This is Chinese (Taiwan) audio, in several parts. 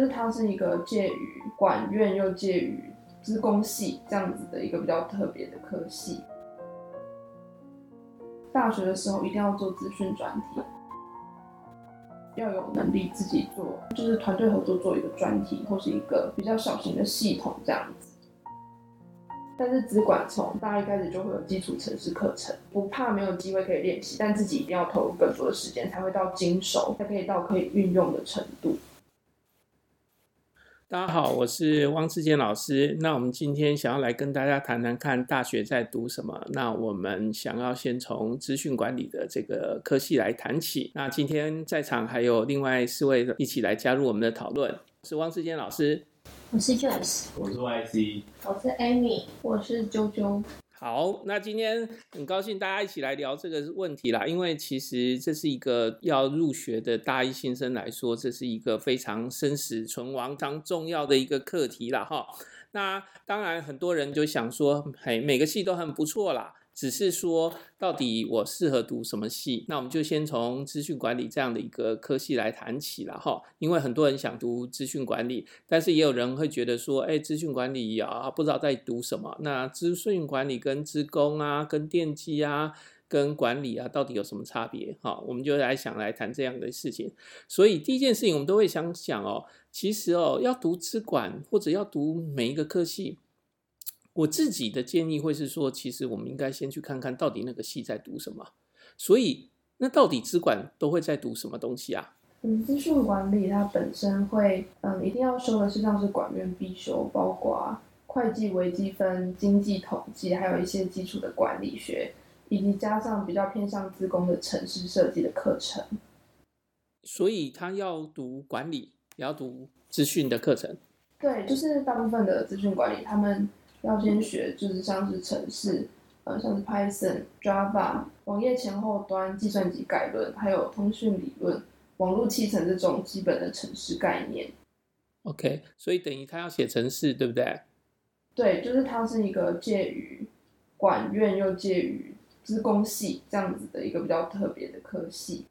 就是它是一個介於管院又介於資工系這樣子的一個比較特別的科系。大學的時候一定要做資訊專題，要有能力自己做，就是團隊合作做一個專題或是一個比較小型的系統這樣子。但是資管從大一開始就會有基礎程式課程，不怕沒有機會可以練習，但自己一定要投入更多的時間才會到精熟，才可以到可以運用的程度。大家好，我是汪志堅老師。那我們今天想要來跟大家談談看大學在讀什麼。那我們想要先從資訊管理的這個科系來談起。那今天在場還有另外四位一起來加入我們的討論，是汪志堅老師，我是 James，我是 YC，我是 Amy，我是 JoJo。好，那今天很高興大家一起來聊這個問題啦，因為其實這是一個要入學的大一新生來說，這是一個非常生死存亡、非常重要的一個課題啦。哈。那當然，很多人就想說，嘿，每個系都很不錯啦。只是說，到底我適合讀什麼系？那我們就先從資訊管理這樣的一個科系來談起了哈。因為很多人想讀資訊管理，但是也有人會覺得說，哎，資訊管理啊，不知道在讀什麼。那資訊管理跟資工啊，跟電機啊，跟管理啊，到底有什麼差別？哈，我們就來想來談這樣的事情。所以第一件事情，我們都會想講哦，其實哦，要讀資管或者要讀每一個科系，我自己的建議會是說，其實我們應該先去看看到底那個系在讀什麼？所以，那到底資管都會在讀什麼東西啊？嗯，資訊管理它本身會，嗯，一定要修的是像是管院必修，包括會計、微積分、經濟統計，還有一些基礎的管理學，以及加上比較偏向資工的城市設計程式設計的課程。所以，他要讀管理，也要讀資訊的課程。對，就是大部分的資訊管理他們。要先學就是像是程式，呃，像是 Python、Java、網頁前後端、計算機概論，還有通訊理論、網絡七層這種基本的程式概念。OK，所以等於他要寫程式，對不對？對，就是它是一個介於管院又介於資工系這樣子的一個比較特別的科系。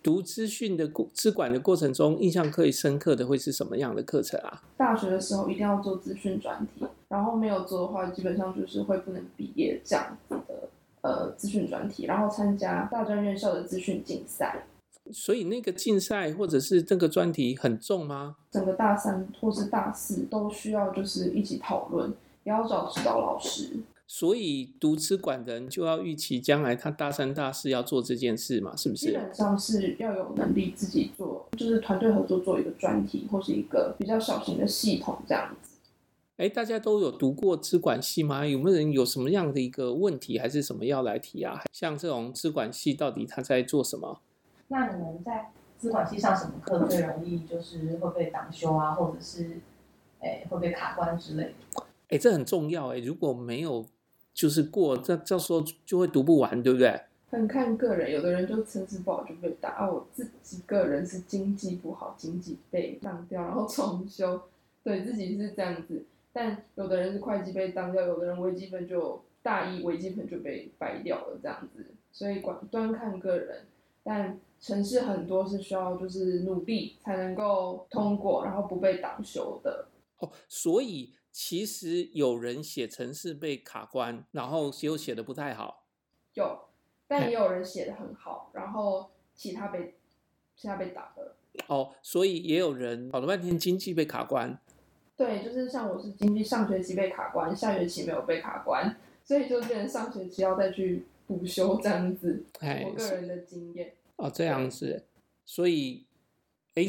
讀資訊的過資管的過程中，印象最深刻的會是什麼樣的課程啊？大學的時候一定要做資訊專題。然後沒有做的話，基本上就是會不能畢業這樣子的。呃，資訊專題，然後參加大專院校的資訊競賽。所以那個競賽或者是這個專題很重嗎？整個大三或是大四都需要，就是一起討論，也要找指導老師。所以讀資管人就要預期將來他大三大四要做這件事嘛？是不是？基本上是要有能力自己做，就是團隊合作做一個專題或是一個比較小型的系統這樣子。哎，大家都有讀過資管系嗎？有沒有人有什麼樣的一個問題，還是什麼要來提啊？像這種資管系到底他在做什麼？那你們在資管系上什麼課最容易？就是會被擋修啊，或者是哎會被卡關之類的？哎，這很重要哎！如果沒有就是過，這這時候就會讀不完，對不對？很看個人，有的人就成績不好就被擋。啊、哦，我自己個人是經濟不好，經濟被當掉，然後重修，對自己是這樣子。但有的人是會計被當掉，有的人微積分就大一微積分就被掰掉了這樣子，所以管端看個人，但程式，很多是需要就是努力才能夠通過，嗯、然後不被擋修的哦。所以其實有人寫程式被卡關，然後又寫的不太好，有，但也有人寫的很好，嗯、然後其他被其他被打的哦。所以也有人搞了半天經濟被卡關。對，就是像我是經濟上學期被卡關，下學期沒有被卡關，所以就變成上學期要再去補修這樣子。哎，我個人的經驗。哦，這樣子，對所以，哎，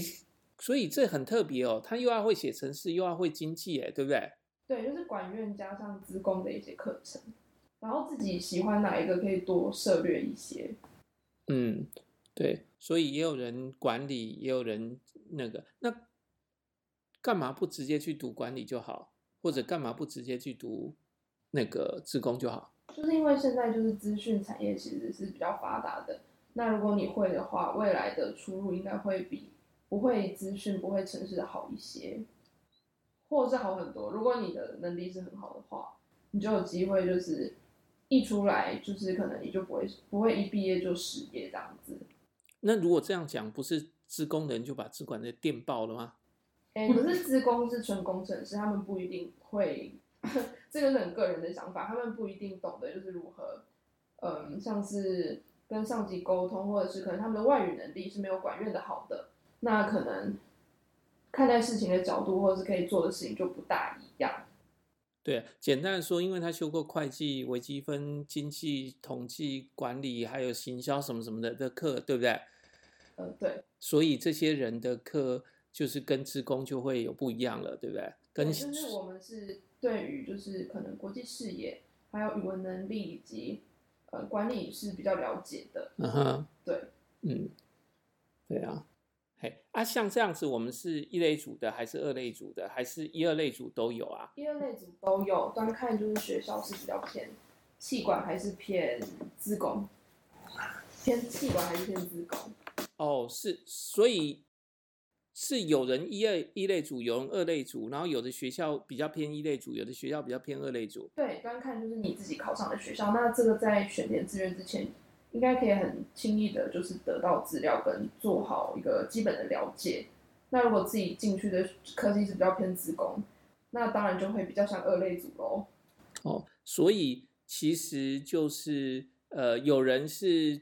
所以這很特別哦，他又要會寫程式，又要會經濟，哎，對不對？對，就是管院加上資工的一些課程，然後自己喜歡哪一個可以多涉略一些。嗯，對，所以也有人管理，也有人那個那。幹嘛不直接去讀管理就好，或者幹嘛不直接去讀那個資工就好？就是因為現在就是資訊產業其實是比較發達的。那如果你會的話，未來的出路應該會比不會資訊、不會程式的好一些，或者是好很多。如果你的能力是很好的話，你就有機會就是一出來就是可能你就不會不會一畢業就失業這樣子。那如果這樣講，不是資工人就把資管的電爆了嗎？不、欸、是資工是純工程師，他們不一定會，這個是很個人的想法，他們不一定懂得就是如何，嗯，像是跟上級溝通，或者是可能他們的外語能力是沒有管院的好的，那可能看待事情的角度或者是可以做的事情就不大一樣。對、啊，簡單的說，因為他修過會計、微積分、經濟、統計、管理，還有行銷什麼什麼的的課，對不對？嗯，對。所以這些人的課。就是跟資工就會有不一樣了，對不對？對、哦，就是我們是對於就是可能國際視野，還有語文能力以及呃管理是比較了解的。嗯哼，對，嗯，對啊，嘿，啊，像這樣子，我們是一類組的，還是二類組的，還是一二類組都有啊？一二類組都有，單看就是學校是比較偏資管還是偏資工？偏資管還是偏資工？哦，是，所以。是有人一二一類組，有人二類組，然後有的學校比較偏一類組，有的學校比較偏二類組。對，剛看就是你自己考上的學校，那這個在選填志願之前，應該可以很輕易的，就是得到資料跟做好一個基本的了解。那如果自己進去的科技是比較偏資工，那當然就會比較像二類組嘍。哦，所以其實就是呃，有人是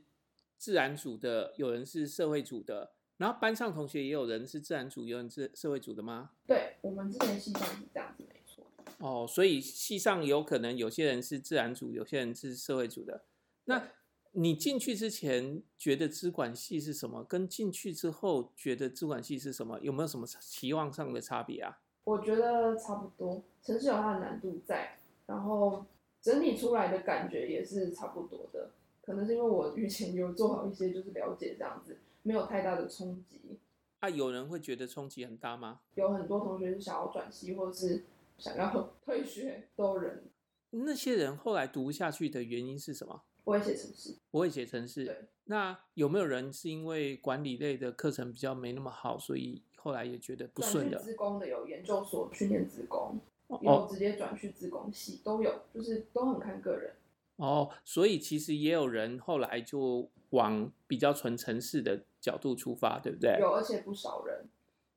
自然組的，有人是社會組的。然後班上同學也有人是自然組，有人是社會組的嗎？對，我們之前系上是這樣子，沒錯。哦，所以系上有可能有些人是自然組，有些人是社會組的。那你進去之前覺得資管系是什麼？跟進去之後覺得資管系是什麼？有沒有什麼期望上的差別啊？我覺得差不多，程式有它的難度在，然後整體出來的感覺也是差不多的。可能是因為我之前有做好一些，就是了解這樣子。沒有太大的衝擊，那、啊、有人會覺得衝擊很大嗎？有很多同學是想要轉系，或者是想要退學都有人。那些人後來讀下去的原因是什麼？不會寫程式，不會寫程式。對那有沒有人是因為管理類的課程比較沒那麼好，所以後來也覺得不順的？轉去資工的有研究所去念資工，有直接轉去資工系，哦、都有，就是都很看個人。哦，所以其實也有人後來就。往比較純程式的角度出發，對不對？有，而且不少人。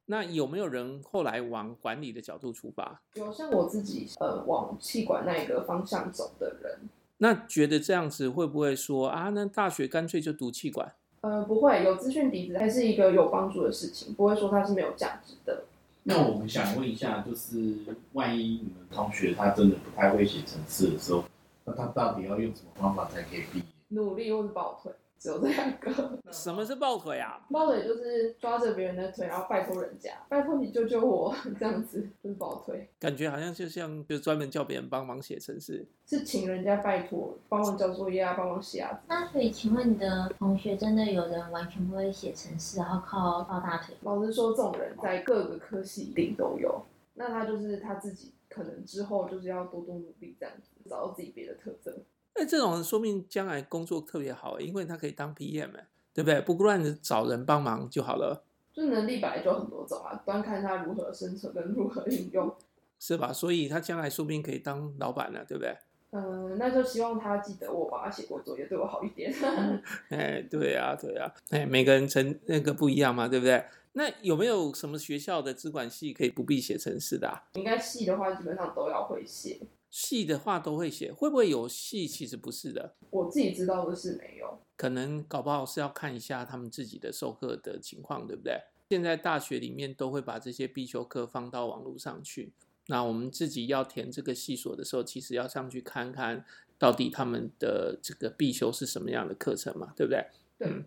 那有沒有人後來往管理的角度出發？有，像我自己，呃，往資管那一個方向走的人。那覺得這樣子會不會說啊？那大學乾脆就讀資管？呃，不會，有資訊底子還是一個有幫助的事情，不會說它是沒有價值的。那我們想問一下，就是萬一你們同學他真的不太會寫程式的時候，那他到底要用什麼方法才可以畢業？努力或者抱腿只有這兩個。嗯。什麼是抱腿啊？抱腿就是抓着別人的腿，然後拜托人家，拜托你救救我，這樣子就是抱腿。感覺好像就像就專門叫別人幫忙寫程式，是請人家拜托幫忙交作業啊，幫忙寫啊。那所以請問你的同學真的有人完全不會寫程式，然後靠抱大腿？老實說，這種人在各個科系一定都有。那他就是他自己，可能之後就是要多多努力，這樣子，找到自己別的特徵。哎，這種說不定將來工作特別好，因為他可以當 PM，對不對？不亂找人幫忙就好了。就能力本來就很多種啊，端看他如何生存跟如何運用，是吧？所以他將來說不定可以當老闆了，對不對？嗯、呃，那就希望他記得我幫他寫過作業，對我好一點。 哎，對呀、啊，對呀、啊，哎，每個人成那個不一樣嘛，對不對？那有沒有什麼學校的資管系可以不必寫程式的啊？應該系的話，基本上都要會寫。系的話都會寫，會不會有系？其實不是的，我自己知道的是沒有。可能搞不好是要看一下他們自己的授課的情況，對不對？現在大學裡面都會把這些必修課放到網絡上去。那我們自己要填這個系所的時候，其實要上去看看到底他們的這個必修是什麼樣的課程嘛，對不對？對、嗯。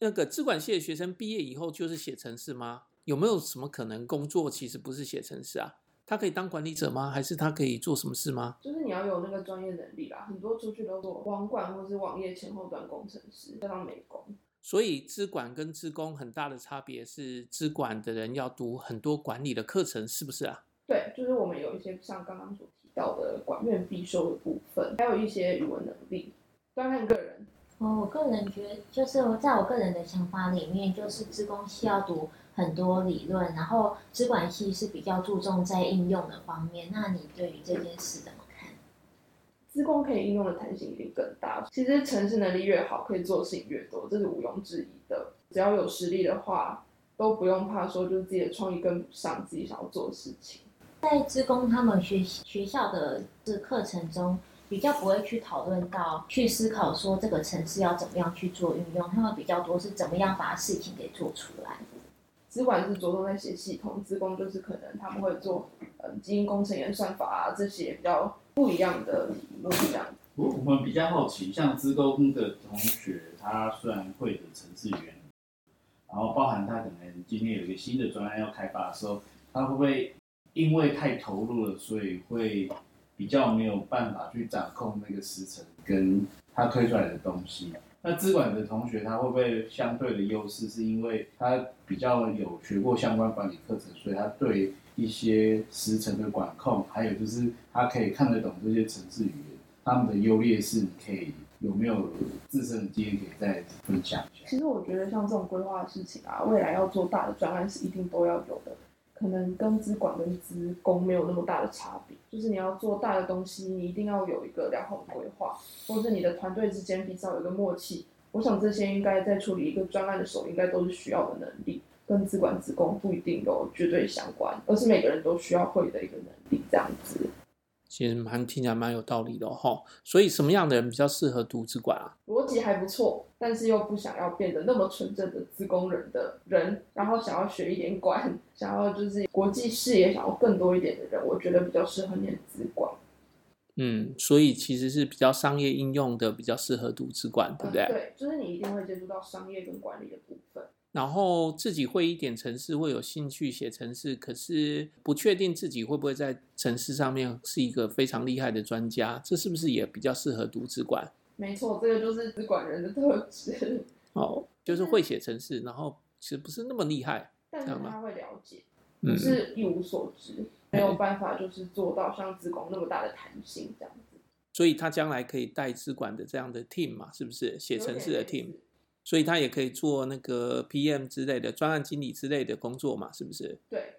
那個資管系的學生畢業以後就是寫程式嗎？有沒有什麼可能工作其實不是寫程式啊？他可以當管理者嗎？還是他可以做什麼事嗎？就是你要有那個專業能力啦，很多出去都做網管或是網頁前後端工程師，再當美工。所以，資管跟資工很大的差別是，資管的人要讀很多管理的課程，是不是啊？對，就是我們有一些像剛剛所提到的管院必修的部分，還有一些語文能力，要看個人。哦，我個人覺得，就是在我個人的想法裡面，就是資工需要讀。很多理論，然後資管系是比較注重在應用的方面。那你對於這件事怎麼看？資工可以應用的彈性一定更大。其實程式能力越好，可以做事情越多，這是毋庸置疑的。只要有實力的話，都不用怕說，就是自己的創意跟不上自己想要做的事情。在資工他們學學校的課程中，比較不會去討論到去思考說這個程式要怎麼樣去做運用。他們比較多是怎麼樣把事情給做出來。資管是着重在寫系統，資工就是可能他們會做，呃、嗯、基因工程、演算法啊這些比較不一樣的路這樣子我、哦、我們比較好奇，像資工的同學，他雖然會的程式語言，然後包含他可能今天有一個新的專案要開發的時候，他會不會因為太投入了，所以會比較沒有辦法去掌控那個時程，跟他推出來的東西。那資管的同學，他會不會相對的優勢，是因為他比較有學過相關管理課程，所以他對一些時程的管控，還有就是他可以看得懂這些程式語言，他們的優劣勢，你可以有沒有自身的經驗，可以再分享一下？其實我覺得像這種規劃的事情啊，未來要做大的專案是一定都要有的。可能跟資管跟資工沒有那麼大的差別，就是你要做大的東西，你一定要有一個良好的規劃，或是你的團隊之間比較有一個默契。我想這些應該在處理一個專案的時候，應該都是需要的能力，跟資管資工不一定有絕對相關，而是每個人都需要會的一個能力，這樣子。其實蠻，聽起來蠻有道理的哦。所以什麼樣的人比較適合讀資管啊？邏輯還不錯，但是又不想要變得那麼純正的資工人的人，然後想要學一點管，想要就是國際視野，想要更多一點的人，我覺得比較適合念資管。嗯，所以其實是比較商業應用的，比較適合讀資管，對不對？啊，對，就是你一定會接觸到商業跟管理的部分。然後自己會一點程式，會有興趣寫程式，可是不確定自己會不會在程式上面是一個非常厲害的專家。這是不是也比較適合讀資管？沒錯，這個就是資管人的特質。哦，就是會寫程式，是然後其實不是那麼厲害，但他會了解，不嘛、嗯、是一無所知，沒有辦法就是做到像資管那麼大的彈性這樣子。所以他將來可以帶資管的這樣的 team 嘛？是不是寫程式的 team？所以他也可以做那個 PM 之類的專案經理之類的工作嘛，是不是？對。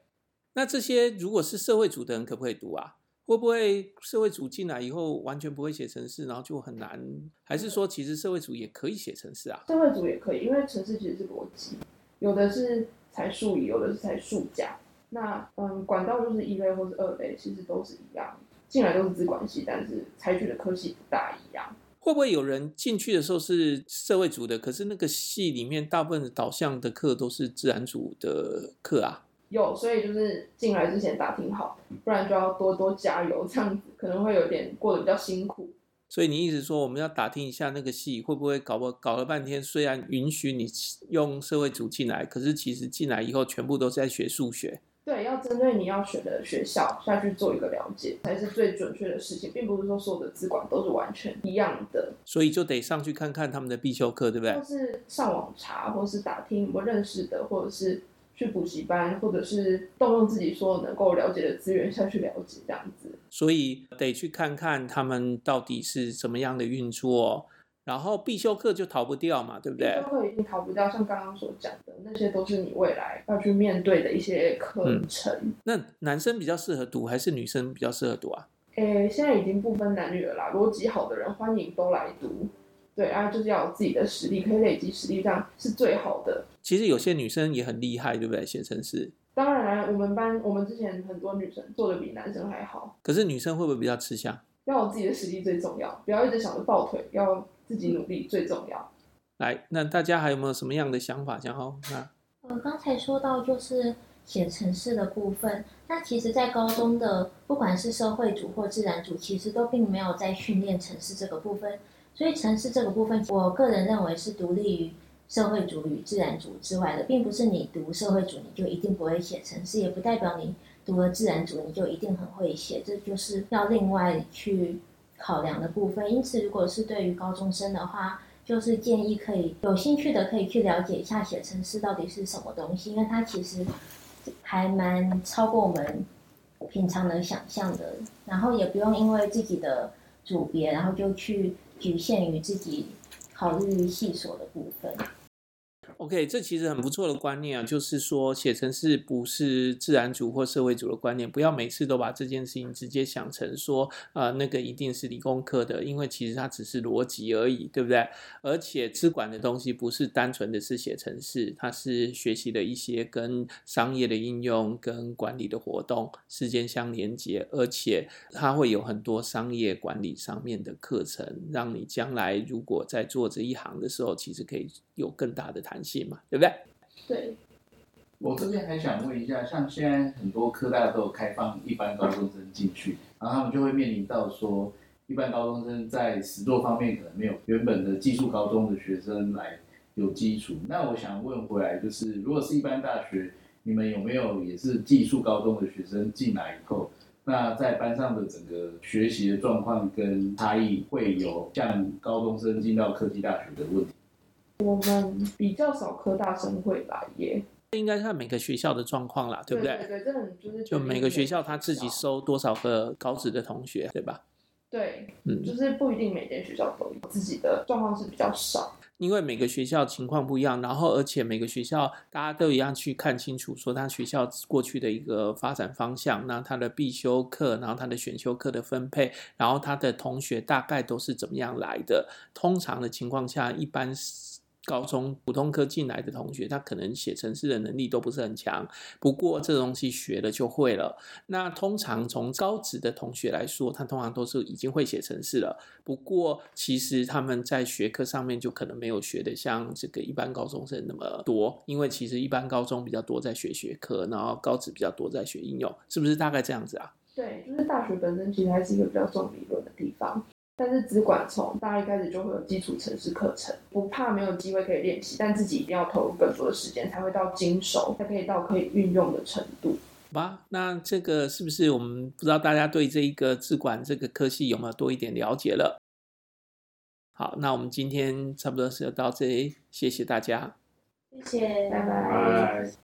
那這些如果是社會組的人可不可以讀啊？會不會社會組進來以後完全不會寫程式，然後就很難？還是說其實社會組也可以寫程式啊？社會組也可以，因為程式其實是邏輯，有的是才數理，有的是才數甲。那嗯，管道，就是一類或是二類，其實都是一樣，進來都是資管系，但是採取的科系不大一樣。會不會有人進去的時候是社會組的，可是那個系裡面大部分的導向的課都是自然組的課啊？有，所以就是進來之前打聽好，不然就要多多加油，這樣子可能會有點過得比較辛苦。所以你意思說，我們要打聽一下那個系會不會搞不搞了半天？雖然允許你用社會組進來，可是其實進來以後全部都是在學數學。對，要針對你要選的學校下去做一個了解，才是最準確的事情，並不是說所有的資管都是完全一樣的。所以就得上去看看他們的必修課，對不對？或是上網查，或是打聽，不認識的，或者是去補習班，或者是動用自己所能夠了解的資源下去了解，這樣子。所以得去看看他們到底是怎麼樣的運作，哦，然後必修課就逃不掉嘛，對不對？必修課一定逃不掉，像剛剛所講，這些都是你未來要去面對的一些課程。嗯。那男生比較適合讀還是女生比較適合讀啊？誒、欸，現在已經不分男女了啦。邏輯好的人歡迎都來讀，對啊，就是要有自己的實力，可以累積實力，這樣是最好的。其實有些女生也很厲害，對不對？寫程式，當然啊，我們班我們之前很多女生做得比男生還好。可是女生會不會比較吃香？要有自己的實力最重要，不要一直想着抱腿，要自己努力最重要。嗯來，那大家還有沒有什麼樣的想法？然後，那我剛才說到就是寫程式的部分。那其實，在高中的不管是社會組或自然組，其實都並沒有在訓練程式這個部分。所以，程式這個部分，我個人認為是獨立於社會組與自然組之外的，並不是你讀社會組你就一定不會寫程式，也不代表你讀了自然組你就一定很會寫。這就是要另外去考量的部分。因此，如果是對於高中生的話。就是建議可以有興趣的可以去了解一下寫程式到底是什麼東西，因為它其實還蠻超過我們平常的想象的，然後也不用因為自己的組別，然後就去侷限於自己考慮系所的部分。OK，這其實很不錯的觀念啊，就是說寫程式不是自然組或社會組的觀念，不要每次都把這件事情直接想成說啊、呃、那個一定是理工科的，因為其實它只是邏輯而已，對不對？而且資管的東西不是單純的是寫程式，它是學習了一些跟商業的應用跟管理的活動之間相連接，而且它會有很多商業管理上面的課程，讓你將來如果在做這一行的時候，其實可以有更大的彈性。對不對？對。我這邊還想問一下，像現在很多科大都有開放一般高中生進去，然後他們就會面臨到說，一般高中生在實作方面可能沒有原本的技術高中的學生來有基礎。那我想問回來就是，如果是一般大學，你們有沒有也是技術高中的學生進來以後，那在班上的整個學習的狀況跟差異會有像高中生進到科技大學的問題？我們比較少科大生會來耶，這應該看每個學校的狀況啦，對，對，對，對不對？對，就是就每個學校他自己收多少個高職的同學，對吧？對，嗯，就是不一定每間學校都有自己的狀況，是比較少，因為每個學校情況不一樣，然後而且每個學校大家都一樣去看清楚，說他學校過去的一個發展方向，那他的必修課，然後他的選修課的分配，然後他的同學大概都是怎麼樣來的？通常的情況下，一般是。高中普通科進來的同學，他可能寫程式的能力都不是很強。不過這東西學了就會了。那通常從高職的同學來說，他通常都是已經會寫程式了。不過其實他們在學科上面就可能沒有學的像這個一般高中生那麼多，因為其實一般高中比較多在學學科，然後高職比較多在學應用，是不是大概這樣子啊？對，就是大學本身其實還是一個比較重理論的地方。但是資管從大一開始就會有基礎程式課程，不怕沒有機會可以練習，但自己一定要投入更多的時間，才會到精熟，才可以到可以運用的程度。好吧，那這個是不是，我們不知道大家對這一個資管這個科系有沒有多一點了解了？好，那我們今天差不多是要到這裡，謝謝大家，謝謝，拜拜。拜拜。